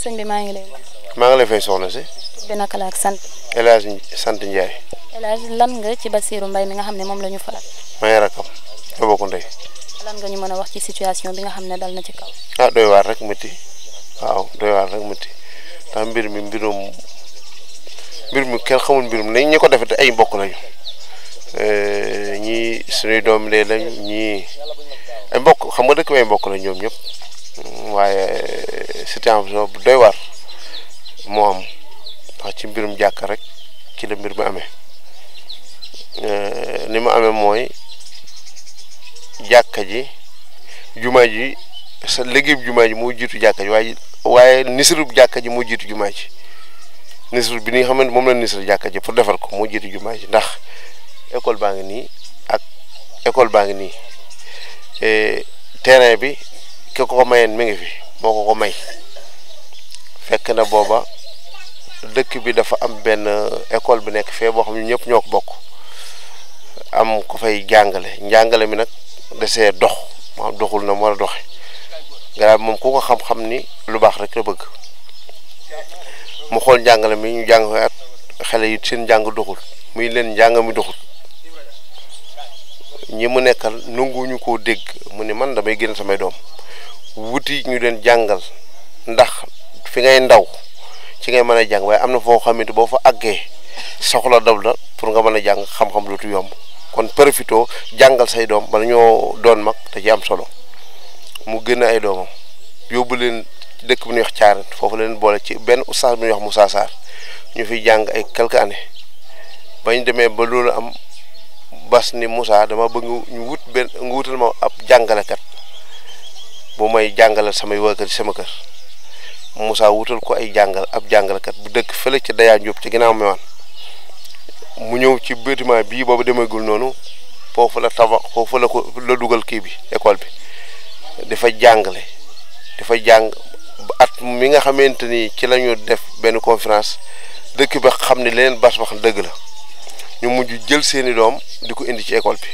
sëñ bi maa ngi lay maa ngi lay fay soxna si. bi naka la sant. El sant Ndiaye. El lan nga ci Basirou Mbaye mi nga xam ne moom lañu ñu faral. may rakam nga ndey. lan nga ñu mën a wax ci situation bi nga xam ne dal na ci kaw. ah waar rek métti waaw mi mbirum mbir xamul mbirum ne ñi ko defee te ay mbokk lañu eh, ñii doom lee ay mbokk xam nga dëkk bi ay mbokk la ñoom ñëpp mm, waaye. situation bu doy waar moo am ndax ci mbirum jàkka rek ci la mbir mi amee euh, ni mu amee mooy jàkka ji jumaa ji sa liggéeyub jumaa ji moo jiitu jàkka ji waaye waaye nisirub jàkka ji moo jiitu jumaa ji bi ni xam ne moom la nisir jàkka ji pour defar ko mu jiitu jumaa ji ndax école baa ngi nii ak école baa ngi nii euh, terrain bi ki ko ko mayeen mi ngi fi moo ko ko may fekk na booba dëkk bi dafa am benn école bi nekk fee boo xam ne ñëpp ñoo ko bokk am ko fay jàngale njàngale mi nag desee dox maanaam doxul na mu war a moom ku ko ni lu baax rek bëgg mu xool njàngale mi ñu jàng at xale yi seen njàng doxul muy leen njàng mi doxul ñi mu nekkal nanguwuñu ko dégg mu ne man damay génn samay doom wuti ñu leen jàngal ndax fi ngay ndaw ci ngay mën a jàng waaye am na foo xamante boo fa àggee soxla dab la pour nga mën a jàng xam-xam dootu yomb kon profito jàngal say doom bala ñoo doon mag te ci am solo mu génn ay doomam yóbbu leen dëkk bu ñuy wax caaran foofu leen boole ci benn oustaz bu ñuy wax Moussa Sarr ñu fi jàng ay quelques années bañ demee ba loolu am bas ni Moussa dama bëgg ñu wut benn nga wutal ma ab jàngalekat bu may jàngalal samay waa kër sama kër musaa wutal ko ay jàngal ab jàngalkat bu dëkk fële ci Dayaa Njóob ci ginnaaw Mewane mu ñëw ci bâtiment bii boobu demeegul noonu foofu la tabax foofu la ko la dugal kii bi école bi dafa jàngale dafa jàng at mi nga xamante ni ci lañu def benn conférence dëkk ba xam ne leen bas wax dëgg la ñu mujj jël seeni doom di ko indi ci école bi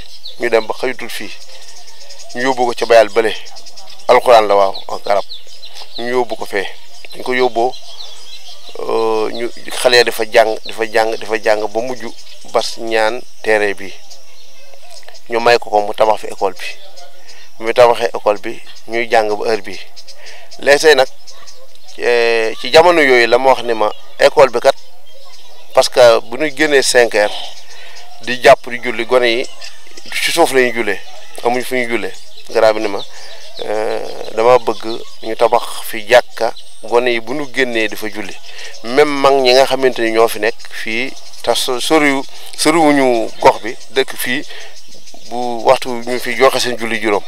ñu dem ba xëyutul fii ñu yóbbu ko ca bayal bale alxuraan la waaw ak arab ñu yóbbu ko fee dañ ko yóbboo euh, ñu xale dafa jàng dafa jàng dafa jàng ba mujj bas ñaan terrain bi ñu may ko ko mu tabax fi école bi mu tabaxee école bi ñuy jàng ba heure bi léeg-léeg nag eh, ci jamono yooyu la ma wax ni ma école bi kat parce que bu ñu génnee cinq di jàpp di julli gone yi ci suuf la julee jullee amuñ fu ñu julee garab bi ni ma euh, dama bëgg ñu tabax fi jàkka gone yi bu nu génnee dafa julli même mag ñi nga xamante ni ñoo fi nekk fii tas soriwu soriwuñu gox bi dëkk fii bu waxtu ñu fi joxe seen julli juróom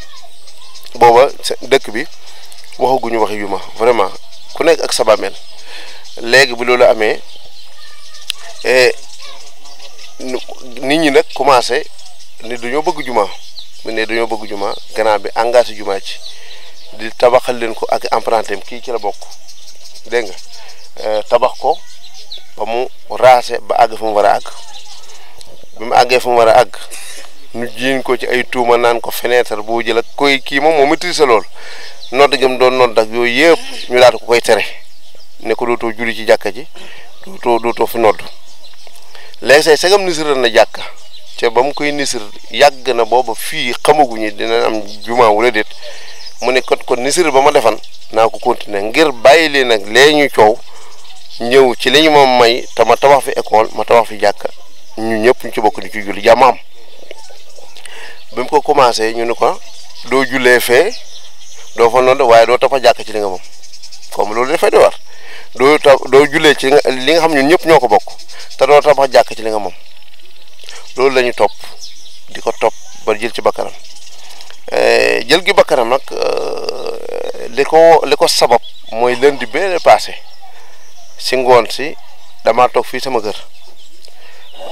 booba dëkk bi waxaguñu waxi juma vraiment ku nekk ak sabamel léegi bu loolu amee e, nit ñi nag commencé ni dañoo bëgg juma mu ne dañoo bëgg juma gannaaw bi engagé juma ci di tabaxal leen ko ak emprunté ki ci la bokk dégg nga euh, tabax ko ba mu raase ba àgg fa mu war a àgg bi mu àggee fa mu war a àgg ñu jiiñ ko ci ay tuuma naan ko fenêtre boo jël ak koy kii moom moo maîtrise lool nodd gëm doon nodd ak yooyu yëpp ñu daal ko koy tere ne ko dootoo juli ci jàkka ji dootoo dootoo fi nodd léegi say segam nisiral na jàkka te ba mu koy nisir yàgg na booba fii xamaguñu dina am jumaa wala déet mu ne kot kon nisir ba ma defan naa ko continuer ngir bàyyi leen nag lee ñu coow ñëw ci li ñu ma may te ma tabax fi école ma tabax fi jàkk ñu ñëpp ñu ci bokk di ci julli jàmm commencé ñu ne ko doo jullee fee doo fa noonu waaye doo tafa jàkk ci li nga moom comme loolu dafay di doo ta doo jullee ci li nga xam ñun ñëpp ñoo ko bokk te doo tabax jàkk ci li nga moom loolu la ñu topp di ko topp ba jël ci bakkanam Euh, jël gi bakkanam nag euh, li ko li ko sabab mooy lundi bee passé si ngoon si damaa toog fii sama kër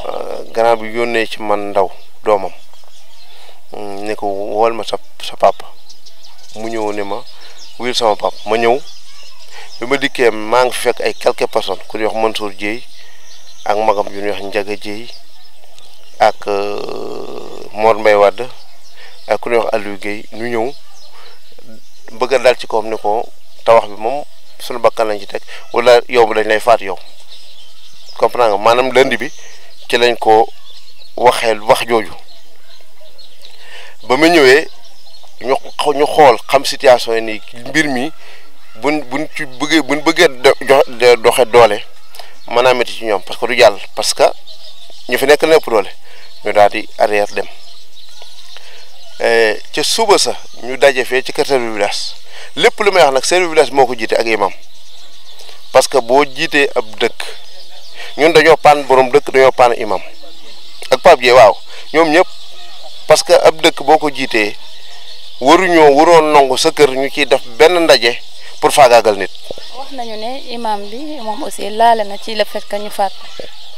euh, grand bi yónnee ci man ndaw doomam mm, ne ko wool ma sa sa papa mu ñëw ni ma wiil sama papa ma ñëw bi ma dikkee maa ngi fi fekk ay quelques personnes ku ñuy wax Mansour Dieye ak magam yu ñuy wax Njaga Dieye ak Mor Mbaye Wade ak ku ñuy wax Aliou Guèye ñu ñëw bëgg a dal ci kawam ni ko tawax bi moom suñu bakkan lañ ci teg wala yow bi dañ lay faat yow comprendre nga maanaam lënd bi ci lañ ko waxee wax jooju ba mu ñëwee ñu xool xam situation yi nii mbir mi bu buñ ci bëggee buñ bëggee do doxe doole maanaam metti ci ñoom parce que du jàll parce que ñu fi nekk lépp doole ñu daal di arrière dem. Eh, ca suba sa ñu daje fee ci kër chef de village lépp lu may wax nag chef de moo ko jiite ak imam parce que boo jiitee ab dëkk ñun dañoo paan borom dëkk dañoo paan imam ak Pape Dieye waaw ñoom ñëpp parce que ab dëkk boo ko jiitee waruñoo waroon nangu sa kër ñu ciy def benn ndaje pour faagaagal nit. wax nañu ne imam bi moom aussi laale na ci le fait que ñu faat.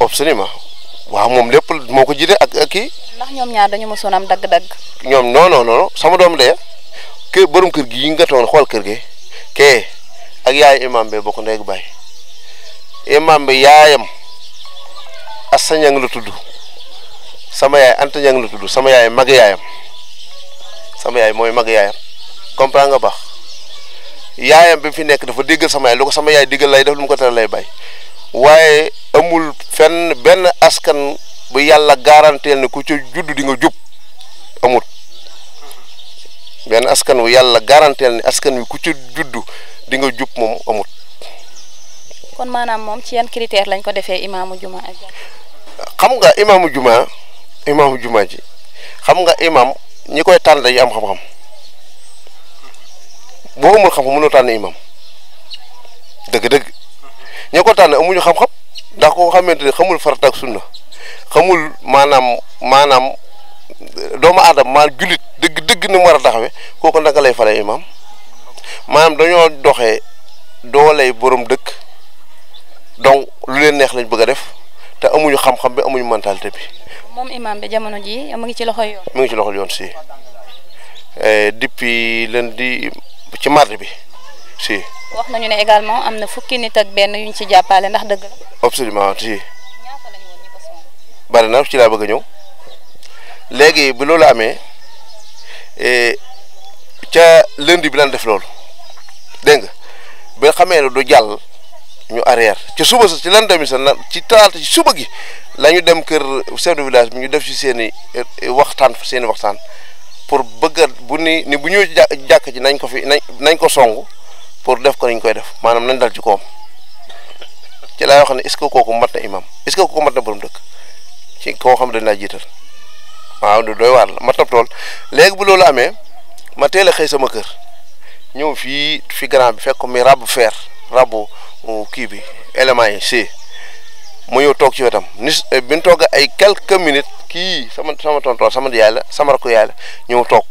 absolument waaw moom lépp moo ko jiite ak ak kii. ndax ñoom ñaar dañu mosoon am dagg-dagg. ñoom non non non sama doom de kër borom kër gi yi nga toon xool kër gi kee ak yaay imam be bokk ndey baay imam bi yaayam Assa Ñang la tudd sama yaay Anta Ñang la tudd sama yaay mag yaayam sama yaay mooy mag yaayam comprendre nga baax yaayam bi mu fi nekk dafa déggal sama yaay lu ko sama yaay déggal lay def lu mu ko tere lay bay waaye amul fenn benn askan bu yàlla garanteel ne ku ca judd di nga jub amut benn askan wu yàlla garanteel ni askan wi ku ca juddu di nga jub moom amut. kon maanaam moom ci yan critère lañ ko defee imaamu juma ak xam nga imaamu juma imaamu juma ji xam nga imaam ñi koy tànn dañuy am xam-xam boo amul xam-xam mënoo tànn imaam dëgg-dëgg. ñi ko tànn amuñu xam-xam ndax ko xamante ne xamul farataak sunna xamul maanaam maanaam doomu aadama maa jullit dëgg dëgg ni mu war a taxawee kooku naka lay fale imaam maanaam dañoo doxee dooley boroom dëkk donc lu leen neex lañ bëgg def te amuñu xam-xam bi amuñu mentalité bi. moom imaam bi jamono ji mu ngi ci loxoy yoon. mu ngi ci loxol yoon si eh, depuis lundi ci mardi bi si. wax nañu ne également am na fukki nit ak benn yuñ ci jàppale ndax dëgg la. absolument si. bari na ci laa bëgg a ñëw léegi bu loolu amee e, ca lundi bi lan def loolu dégg nga ba xamee ne du jàll ñu arrière ci suba sa ci lan tamit sa ci talaata suba gi la dem kër chef village bi ñu def ci seeni i e, waxtaan seen waxtaan pour bëgg bu ni ni bu ñëw jàkk ci nañ ko fi nañ nañ ko songu. pour def ko nañ koy def maanaam nañ dal ci koom ci laay wax ne est-ce que kooku mat na imam est-ce que kooku mat na borom dëkk ci koo xam dañ laa jiital waaw du doy waar la ma tab tool léegi bu loolu amee ma teel a xëy sama kër ñëw fii fi grand bi fekk mi rabu fer rabu kii bi élément yi si mu ñëw toog ci wetam ni bi ñu toog ay quelques minutes kii sama sama tontoon sama yaay la sama rakku yaay la ñëw toog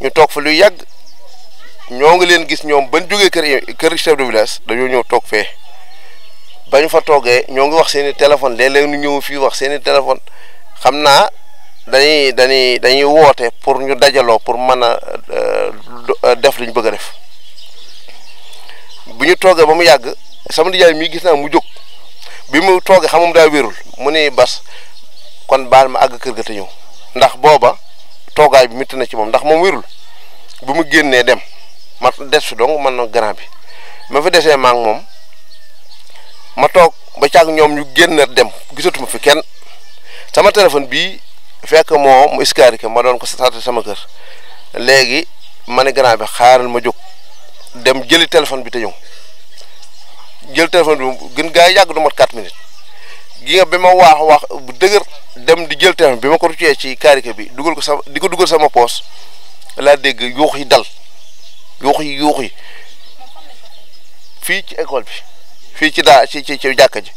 ñu toog fa luy yàgg ñoo ngi leen gis ñoom bañ jógee kër kër chef de village dañoo ñëw toog fee bañ fa toogee ñoo ngi wax seen i téléphone léeg-léeg ñu ñëw fii wax seeni i téléphone xam naa dañuy dañuy dañuy woote pour ñu dajaloo pour mën a euh, def li ñu bëgg a def bu ñu toogee ba mu yàgg sama nijaay mii gis naa mu jóg bi mu toogee xamum daal wérul mu ni bas kon baal ma àgg kër ga te ñëw ndax booba toogaay bi métti na ci moom ndax moom wérul bi mu génnee dem. ma des donc man na grand bi ma fi desee ma moom ma toog ba caag ñoom ñu génn dem gisatuma fi kenn sama téléphone bii fekk moo mu iskaarike ma doon ko saate sama kër léegi ma ne grand bi xaaral ma jóg dem jëli téléphone bi te ñëw jël téléphone bi gën gaa yàgg du mat 4 minutes gi nga bi ma waax waax bu dëgër dem di jël téléphone bi ma ko ruccee ci kaarike bi dugal ko sama di ko dugal sama poos laa dégg yuux yi dal yuux yi yuux yi fii ci école bi fii ci daa ci ci ci jàkka ji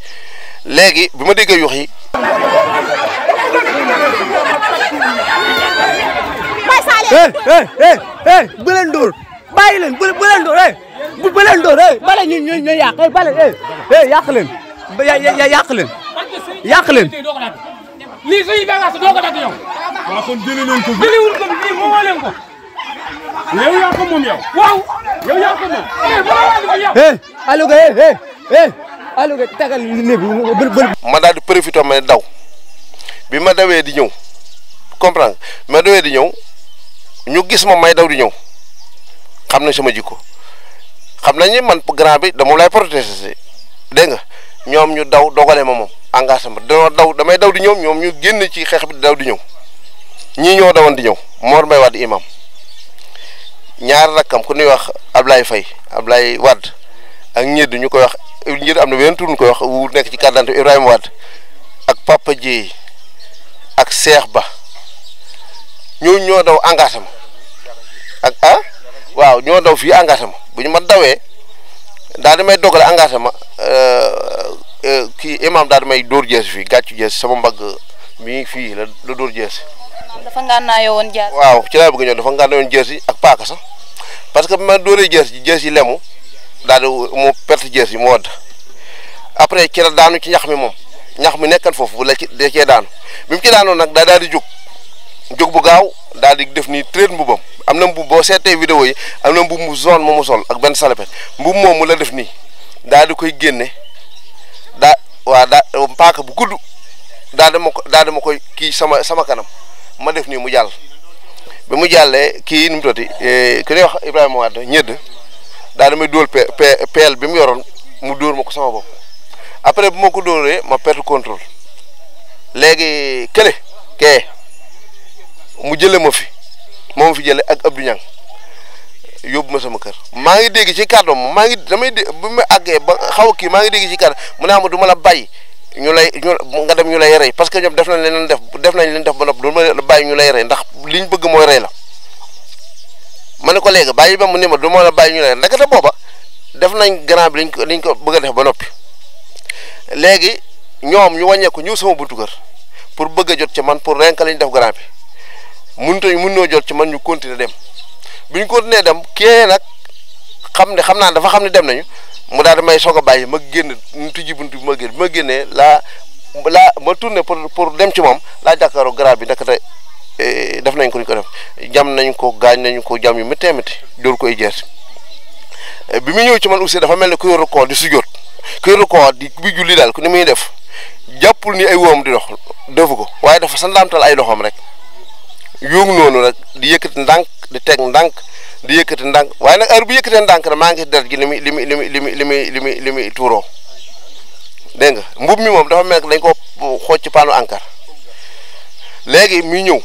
léegi bi ma déggee yuux yi. hey hey hey hey bu leen dóor bàyyi leen bu bu leen dóor hey bu bu leen dóor hey bale ñu ñu ñu yàq hey bale hey hey yàq leen ya ya yàq leen yàq leen. lii suñu bagaas doo ko dagg yow. waaw kon jëlee leen ko. jëlee wul ko bii moo leen ko. yow yaa eh, eh, eh, tagal néeg ma profité ma daw bi ma dawee di ñëw comprendre ma dawee di ñëw ñu gis ma may daw di ñëw xam nañ sama jikko xam nañ ne man grand bi dama lay protéger dégg nga ñoom ñu daw dogale ma moom engagement dama daw damay daw di ñëw ñoom ñu génn ci xeex bi daw di ñëw ñii ñoo dawoon di ñëw Mor Mbaye Wade imam ñaar rakkam ku ñuy wax ablaay fay Ablaye Wade ak ñedd ñu koy wax ñedd am na benn tur koy wax wu nekk ci carte d'identité Ibrahima Wade ak Papa Dieye ak Cheikh Ba ñoo ñoo daw engagement ak ah waaw ñoo daw fii engagement bu ñu ma dawee daal di may dogale engagement euh, euh, kii imam daal may dóor jees fii gàccu jees sama mbagg mi fii la la dóor jees dafa ngànnaayoo woon jaasi. waaw ci laa bëgg ñëw dafa ak paaka sax parce que bi ma dóoree jaasi jaasi lemu daal di mu perte jaasi mu wadd après ci la daanu ci ñax mi moom ñax mi nekkan foofu bu la ci da cee daanu bi mu ci daanoon nag daa daal di jóg bu gaaw daal di def nii traite mbubam am na mbub boo seetee vidéo yi am na mbub mu zone moomu sol ak benn salopette mbub moom mu la def nii daal di koy génne daa waa paaka bu gudd daal dama daal dama koy kii sama sama kanam. ma def nii mu jàll bi mu jàllee kii nu mu toti eh, ki ñuy wax Ibrahima Wade ñedd daal damay dóol pe peel bi mu yoroon mu dóor ma ko sama bopp après bi ma ko dooree ma perte contrôle léegi kële kee mu jële ma fi moom fi jële ak Abdou Niang yóbbu ma sama kër maa ngi dégg ci kàddoom maa ngi damay bu ma àggee ba xaw kii maa ngi dégg ci kàddoom mu ne ah ma du ma la bàyyi. ñu lay ñu nga dem ñu lay rey parce que ñoom def nañ leen def def nañ leen def ba nopp duma bàyyi ñu lay rey ndax liñ bëgg mooy rey la ma ne ko léegi bàyyi ba mu ni ma du ma la bàyyi ñu lay rey ndekete booba def nañ grand bi liñ ko liñ ko bëgg a def ba noppi léegi ñoom ñu wàññeeku ñu sama buntu kër pour bëgg a jot ci man pour renk lañ def grand bi mënut a mënoo jot ci man ñu continuer dem bi ñu continuer dem kii nag xam ne xam naa dafa xam ne dem nañu. mu daal may soog a bàyyi ma génn ñu tijji bunt bi ma génn bi ma génnee laa laa ma tourné pour pour dem ci moom laa jàkkaaroo garab bi ndekete eh, def nañ ko ñu ko def jam nañ ko gaañ nañ ko jam yu méttee métti dóor ko ay jeer eh, bi mu ñëw ci man aussi dafa mel ni ku yor ko di sujjóot ku yor ko di bi julli daal ku ni muy def jàppul ni ay woom di loxo defu ko waaye dafa sandaamtal ay loxoom rek yóngu noonu rek di yëkkati ndànk di teg ndànk di yëkkati ndànk waaye nag heure bu yëkkatee ndànk na maa ngi gis deret ji li muy li muy li muy li muy li muy li dégg nga mbub mi moom dafa mel ko koo xooj ci paanu ANCAR léegi muy ñëw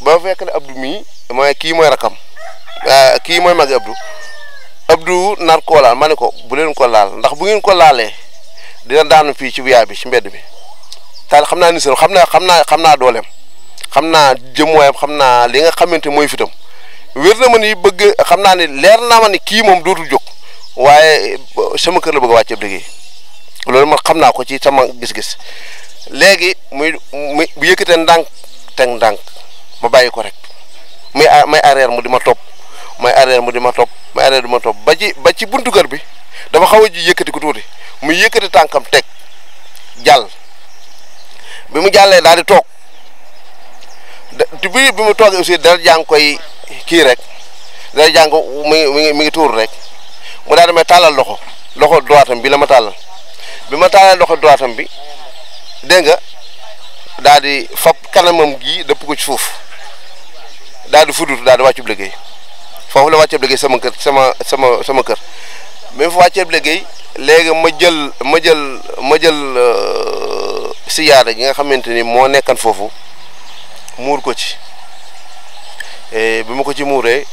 ba fekk ne Abdou mii mooy kii mooy rakam euh, kii mooy mag Abdou Abdou nar koo laal ma ne ko bu leen ko laal ndax bu ngeen ko laalee dina daanu fii ci wiyaa bi ci mbedd mi taal xam naa ni seen xam naa xam naa xam naa dooleem xam naa jëmuwaayam xam naa li nga xamante mooy fitam wér na ma ni bëgg xam naa ne leer naa ma ni kii moom dootul jóg waaye sama kër la bëgg a wàcc ab liggéey loolu man xam naa ko ci sama gis-gis léegi muy muy bu ndànk teg ndànk ma bàyyi ko rek muy may arrière mu di ma topp may arrière mu di ma topp may arrière di ma topp ba ci ba ci buntu kër bi dafa xaw a ji yëkkati ko tuuti muy yëkkati tànkam teg jàll bi mu jàllee daal di toog bi bi mu toogee aussi dara jàng koy. kii rek day jàng mi mi ngi tuur rek mu daal ma may tàllal loxo loxo droitam bi la ma tàllal bi ma tàllal loxo droitam bi dégg nga daal di fab kanamam gii dëpp ko ci suuf daal di fudutu daal di wàccub liggéey foofu la wàccub liggéey sama kër sama sama sama kër bi mu fa wàccub liggéey léegi ma jël ma jël ma jël euh, gi nga xamante ni moo nekkan foofu muur ko ci Eh, bi ma ko ci muuree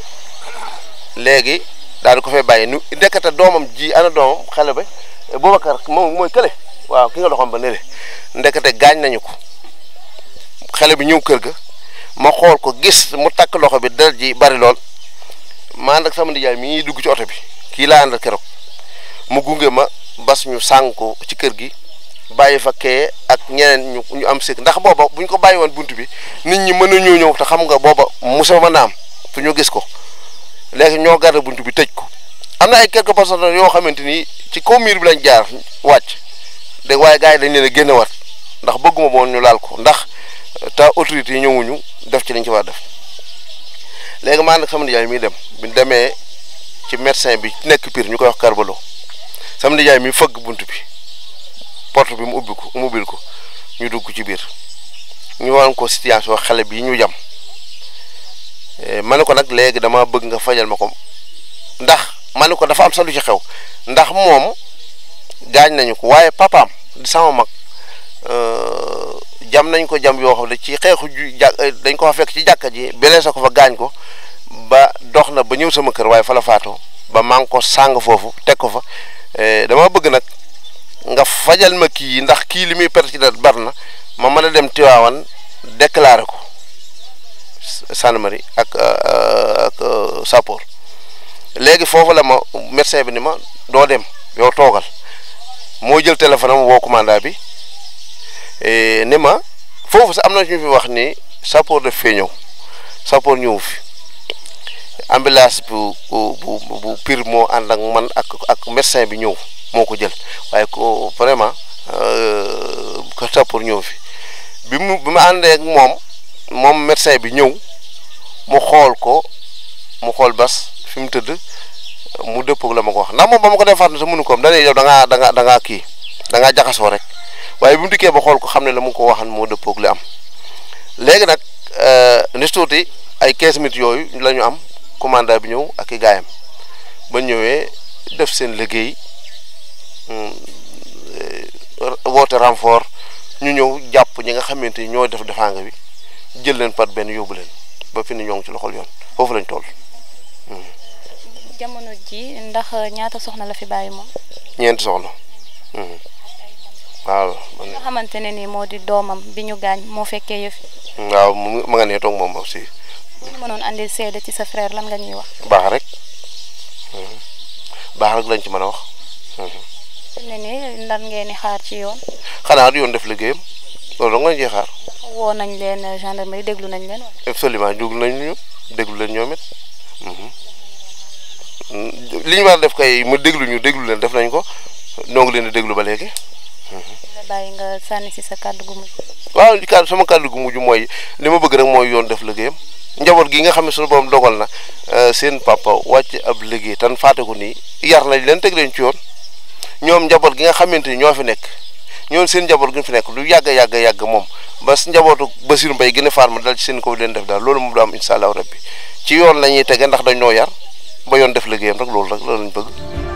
léegi daal ko fee bàyyi nu ndekete doomam ji ana doomam xale ba Boubacar moom mooy kële waaw ki nga loxoom ba nële ndekete gaañ nañu ko xale bi ñëw kër ga ma xool ko gis mu takk loxo bi deret ji bari lool ma ànd ak sama nijaay mi ngi dugg ci oto bi kii laa àndal keroog mu gunge ma bas ñu sàng ko ci kër gi bàyyi fa ak ñeneen ñu ñu am sikk ndax booba bu ñu ko bàyyi woon bunt bi nit ñi mën na ñoo ñëw te xam nga booba musa ma na am fu ñu gis ko léegi ñoo garde bunt bi tëj ko am na ay quelques personnes yoo xamante ni ci kaw miir bi lañ jaar wàcc dégg waaye gars yi dañ leen a génne wat ndax bëgguma moon ñu laal ko ndax euh, ta autorités yi ñëwuñu def ci liñ ci waa def léegi maa nag sama nijaay mi dem bi demee ci médecin bi nekk piir ñu koy wax Karbalo sama nijaay mi fëgg bunt bi porte bi mu ubbi ko mu ubbil ko ñu dugg ci biir ñu waan ko situation xale bi ñu jam eh, ma ne ko nag léegi dama bëgg nga fajal ma ko ndax ma ne ko dafa am sa lu xew ndax moom gaañ nañu ko waaye papaam di sama mag euh, jam nañ ko jam yoo xam ne ci xeexu ju jà dañ ko fa fekk ci jàkka ji belee ko fa gaañ ko ba dox na ba ñëw sama kër waaye fa la faatoo ba maa ko sàng foofu teg ko fa eh, dama bëgg nag nga fajal ma kii ndax kii li muy perte ci date bar na ma mën a dem Tiwaawan déclaré ko gendarmerie ak euh, euh, ak euh, sapeur léegi foofu la ma médecin bi ni ma doo dem yow toogal moo jël téléphone am woo bi ni ma foofu sax am na ñu fi wax ni sapeur daf fee ñëw sapeur ñëw fi. ambulance bu bu bu Pire moo ànd ak man ak ak médecin bi ñëw moo ko jël waaye ko vraiment euh, ko pour ñëw fi bi mu bi mu moom moom médecin bi ñëw mu xool ko mu xool bas fi mu tëdd mu dëppoog la ma ko wax ndax moom ba ma ko defaat na sa mënu ko am dañuy yow da ngaa da ngaa da ngaa kii da ngaa jaxasoo rek waaye bi mu dikkee ba xool ko xam ne la mu ko waxan moo dëppoog li am léegi nag euh, ni tuuti ay 15 minutes yooyu lañu am commandant bi ñëw ak i gaayam ba ñëwee def seen liggéey hmm, eh, woote renfort ñu ñëw jàpp ñi nga xamante ni ñoo def defanga bi jël leen par benn yóbbu leen ba ci loxol yoon foofu lañ toll. Hmm. jamono ji ndax ñaata soxna la fi bàyyi moom. ñeenti soxna. Hmm. xamante ne ni moo di doomam bi ñu gaañ moo fekkee yëf. waaw mu ma toog moom aussi. mënoon andil seede ci sa frère lan nga ñuy wax. baax rek mhm. baax rek lañ ci mën a wax. Mhm. fi mu ngeen di xaar ci yoon. xanaa yoon def liggéeyam loolu dong lañ ciy xaar. woo nañ leen euh, déglu nañ leen. absolument nañ ñu déglu leen ñoom it mhm. li ñu war def mu déglu ñu déglu leen def nañ ko noo ngi leen di déglu ba léegi. la bàyyi nga sànni si sa kàddu gu mujj. waaw kàddu sama kàddu gu mujj mooy li ma bëgg rek mooy yoon def liggéeyam. njaboot gi nga xam ne suñu borom dogal na euh, seen papa wàcc ab liggéey tan faate nii yar nañ leen teg leen ci yoon ñoom njaboot gi nga xamante ni ñoo fi nekk ñoom seen njaboot gi fi nekk lu yàgg yàgg yàgg moom ba njabootu Basiru Mbay gën a faar ma dal ci seen ko leen def daal loolu moom du am incha allahu rabbi ci yoon la ñuy tege ndax dañ noo yar ba yoon def liggéeyam rek loolu rek loolu ñu bëgg.